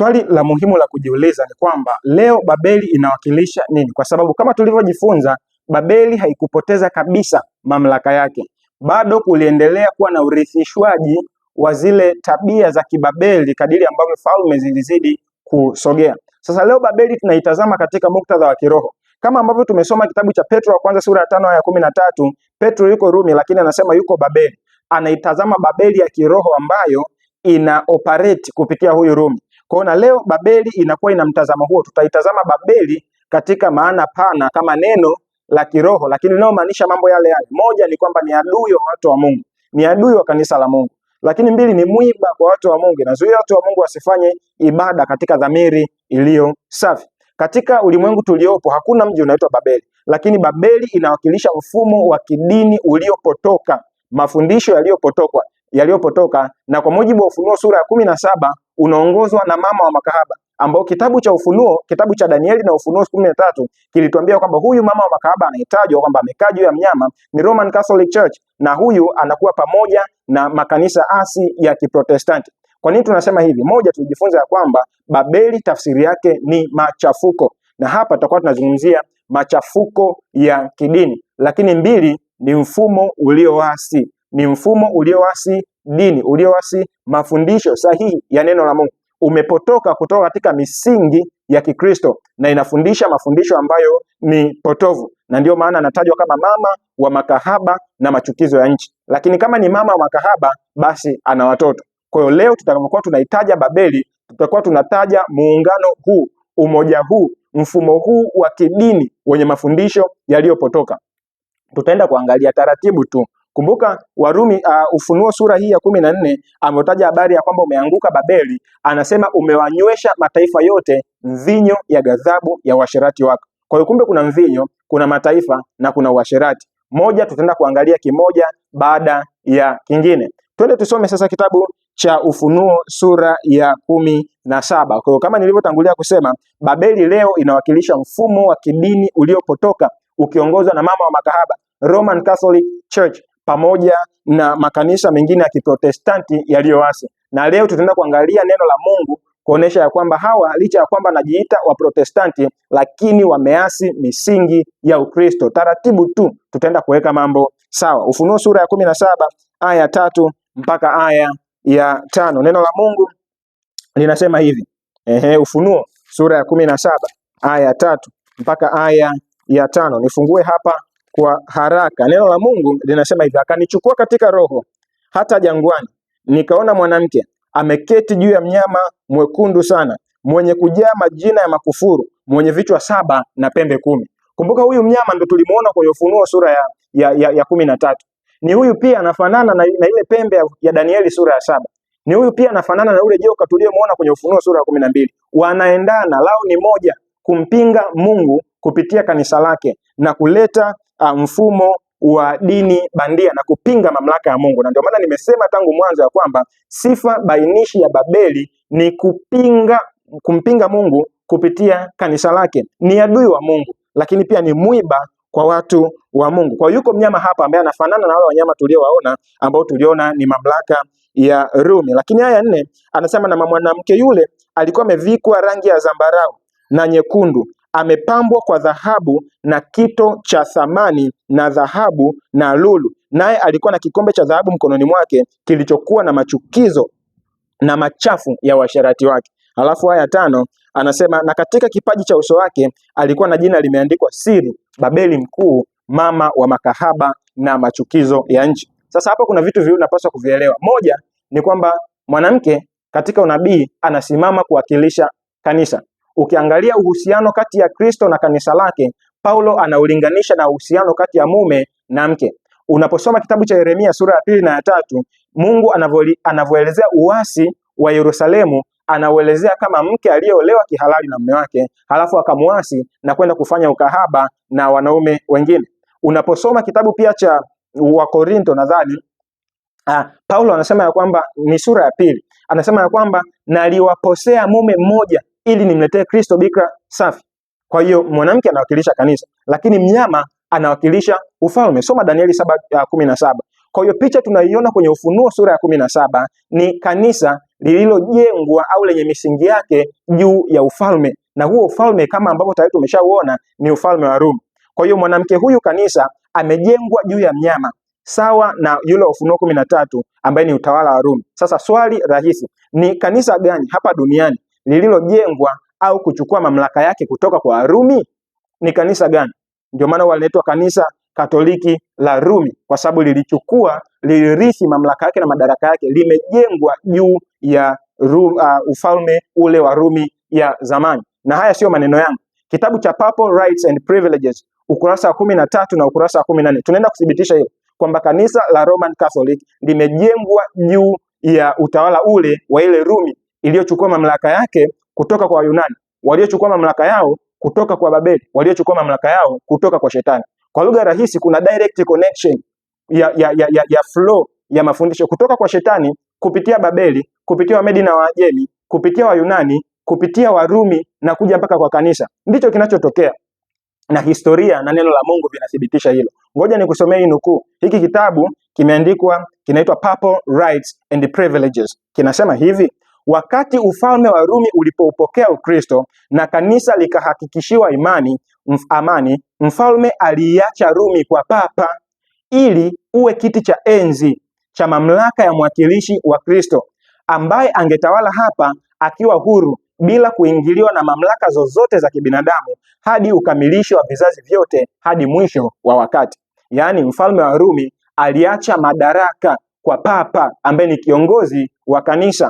Swali la muhimu la kujiuliza ni kwamba leo Babeli inawakilisha nini? Kwa sababu kama tulivyojifunza, Babeli haikupoteza kabisa mamlaka yake, bado kuliendelea kuwa na urithishwaji wa zile tabia za kibabeli kadiri ambavyo falme zilizidi kusogea. Sasa leo Babeli tunaitazama katika muktadha wa kiroho kama ambavyo tumesoma kitabu cha Petro wa kwanza sura ya tano aya ya kumi na tatu. Petro yuko Rumi, lakini anasema yuko Babeli, anaitazama Babeli ya kiroho ambayo ina operate kupitia huyu Rumi. Kwa na leo Babeli inakuwa ina mtazamo huo, tutaitazama Babeli katika maana pana kama neno la kiroho, lakini linalomaanisha mambo yale yale. Moja ni kwamba ni adui wa watu wa Mungu, ni adui wa kanisa la Mungu, lakini mbili ni mwiba kwa watu wa Mungu, inazuia watu wa Mungu wasifanye ibada katika dhamiri iliyo safi. Katika ulimwengu tuliopo hakuna mji unaitwa Babeli, lakini Babeli inawakilisha mfumo wa kidini uliopotoka, mafundisho yaliyopotokwa yaliyopotoka, na kwa mujibu wa Ufunuo sura ya kumi na saba unaongozwa na mama wa makahaba ambao kitabu cha Ufunuo, kitabu cha Danieli na Ufunuo kumi na tatu kilituambia kwamba huyu mama wa makahaba anayetajwa kwamba amekaa juu ya mnyama ni Roman Catholic Church, na huyu anakuwa pamoja na makanisa asi ya Kiprotestanti. Kwa nini tunasema hivi? Moja, tulijifunza ya kwamba Babeli tafsiri yake ni machafuko, na hapa tutakuwa tunazungumzia machafuko ya kidini. Lakini mbili, ni mfumo ulioasi ni mfumo ulioasi dini, ulioasi mafundisho sahihi ya neno la Mungu, umepotoka kutoka katika misingi ya Kikristo na inafundisha mafundisho ambayo ni potovu, na ndiyo maana anatajwa kama mama wa makahaba na machukizo ya nchi. Lakini kama ni mama wa makahaba, basi ana watoto. Kwa hiyo leo tutakapokuwa tunaitaja Babeli, tutakuwa tunataja muungano huu, umoja huu, mfumo huu wa kidini wenye mafundisho yaliyopotoka. Tutaenda kuangalia taratibu tu Kumbuka Warumi uh, Ufunuo sura hii ya kumi na nne ametaja habari ya kwamba umeanguka Babeli, anasema umewanywesha mataifa yote mvinyo ya ghadhabu ya uasherati wako. Kwa hiyo kumbe kuna mvinyo, kuna mataifa na kuna uasherati. Moja tutaenda kuangalia kimoja baada ya kingine. Twende tusome sasa kitabu cha Ufunuo sura ya kumi na saba. Kwa hiyo kama nilivyotangulia kusema, Babeli leo inawakilisha mfumo wa kidini uliopotoka ukiongozwa na mama wa makahaba Roman Catholic Church pamoja na makanisa mengine ya Kiprotestanti yaliyoasi. Na leo tutaenda kuangalia neno la Mungu kuonesha ya kwamba hawa licha ya kwamba anajiita Waprotestanti lakini wameasi misingi ya Ukristo. Taratibu tu tutaenda kuweka mambo sawa. Ufunuo sura ya kumi na saba aya ya tatu mpaka aya ya tano neno la Mungu linasema hivi. Ehe, Ufunuo sura ya kumi na saba aya ya tatu mpaka aya ya tano. Nifungue hapa kwa haraka. Neno la Mungu linasema hivi, akanichukua katika roho hata jangwani, nikaona mwanamke ameketi juu ya mnyama mwekundu sana, mwenye kujaa majina ya makufuru, mwenye vichwa saba na pembe kumi. Kumbuka huyu mnyama ndo tulimuona kwenye Ufunuo sura ya, ya, ya, ya kumi na tatu. Ni huyu pia anafanana na, na ile pembe ya, ya Danieli sura ya saba. Ni huyu pia anafanana na ule joka tuliyemuona kwenye Ufunuo sura ya kumi na mbili. Wanaendana, lao ni moja, kumpinga Mungu kupitia kanisa lake na kuleta uh, mfumo wa dini bandia na kupinga mamlaka ya Mungu, na ndio maana nimesema tangu mwanzo ya kwamba sifa bainishi ya Babeli ni kupinga kumpinga Mungu kupitia kanisa lake. Ni adui wa Mungu, lakini pia ni mwiba kwa watu wa Mungu. Kwa yuko mnyama hapa ambaye anafanana na wale wanyama tuliowaona ambao tuliona ni mamlaka ya Rumi. Lakini haya nne anasema, na mwanamke yule alikuwa amevikwa rangi ya zambarau na nyekundu amepambwa kwa dhahabu na kito cha thamani na dhahabu na lulu, naye alikuwa na kikombe cha dhahabu mkononi mwake kilichokuwa na machukizo na machafu ya washarati wake. Alafu haya tano anasema, na katika kipaji cha uso wake alikuwa na jina limeandikwa siri, Babeli mkuu, mama wa makahaba na machukizo ya nchi. Sasa hapa kuna vitu viwili napaswa kuvielewa. Moja ni kwamba mwanamke katika unabii anasimama kuwakilisha kanisa Ukiangalia uhusiano kati ya Kristo na kanisa lake, Paulo anaulinganisha na uhusiano kati ya mume na mke. Unaposoma kitabu cha Yeremia sura ya pili na ya tatu, Mungu anavyoelezea uasi wa Yerusalemu anauelezea kama mke aliyeolewa kihalali na mume wake, halafu akamuasi na kwenda kufanya ukahaba na wanaume wengine. Unaposoma kitabu pia cha Wakorinto nadhani Ah, Paulo anasema ya kwamba ni sura ya pili, anasema ya kwamba naliwaposea mume mmoja ili nimletee Kristo bikra safi. Kwa hiyo mwanamke anawakilisha kanisa, lakini mnyama anawakilisha ufalme. Soma Danieli saba uh, kumi na saba. Kwa hiyo picha tunaiona kwenye Ufunuo sura ya kumi na saba ni kanisa lililojengwa au lenye misingi yake juu ya ufalme, na huo ufalme kama ambavyo tayari tumeshauona ni ufalme wa Rumi. Kwa hiyo mwanamke huyu kanisa amejengwa juu ya mnyama sawa na yule Ufunuo kumi na tatu ambaye ni utawala wa Rumi. Sasa swali rahisi ni kanisa gani hapa duniani lililojengwa au kuchukua mamlaka yake kutoka kwa Warumi ni kanisa gani? Ndio maana wanaitwa kanisa Katoliki la Rumi kwa sababu lilichukua, lilirithi mamlaka yake na madaraka yake, limejengwa juu ya Rum, uh, ah, ufalme ule wa Rumi ya zamani. Na haya siyo maneno yangu, kitabu cha Papal Rights and Privileges ukurasa wa kumi na tatu na ukurasa wa kumi na nne tunaenda kuthibitisha hilo kwamba kanisa la Roman Catholic limejengwa juu ya utawala ule wa ile Rumi iliyochukua mamlaka yake kutoka kwa Wayunani, waliochukua mamlaka yao kutoka kwa Babeli, waliochukua mamlaka yao kutoka kwa Shetani. Kwa lugha rahisi, kuna direct connection ya, ya, ya, ya, ya flow ya mafundisho kutoka kwa Shetani kupitia Babeli, kupitia Wamedi na Waajemi, kupitia Wayunani, kupitia Warumi na kuja mpaka kwa kanisa. Ndicho kinachotokea na historia na neno la Mungu vinathibitisha hilo. Ngoja nikusomee hii nukuu. Hiki kitabu kimeandikwa, kinaitwa Papal Rights and Privileges, kinasema hivi: Wakati ufalme wa Rumi ulipoupokea Ukristo na kanisa likahakikishiwa imani mf, amani, mfalme aliiacha Rumi kwa papa ili uwe kiti cha enzi cha mamlaka ya mwakilishi wa Kristo ambaye angetawala hapa akiwa huru bila kuingiliwa na mamlaka zozote za kibinadamu hadi ukamilisho wa vizazi vyote hadi mwisho wa wakati. Yaani, mfalme wa Rumi aliacha madaraka kwa papa ambaye ni kiongozi wa kanisa.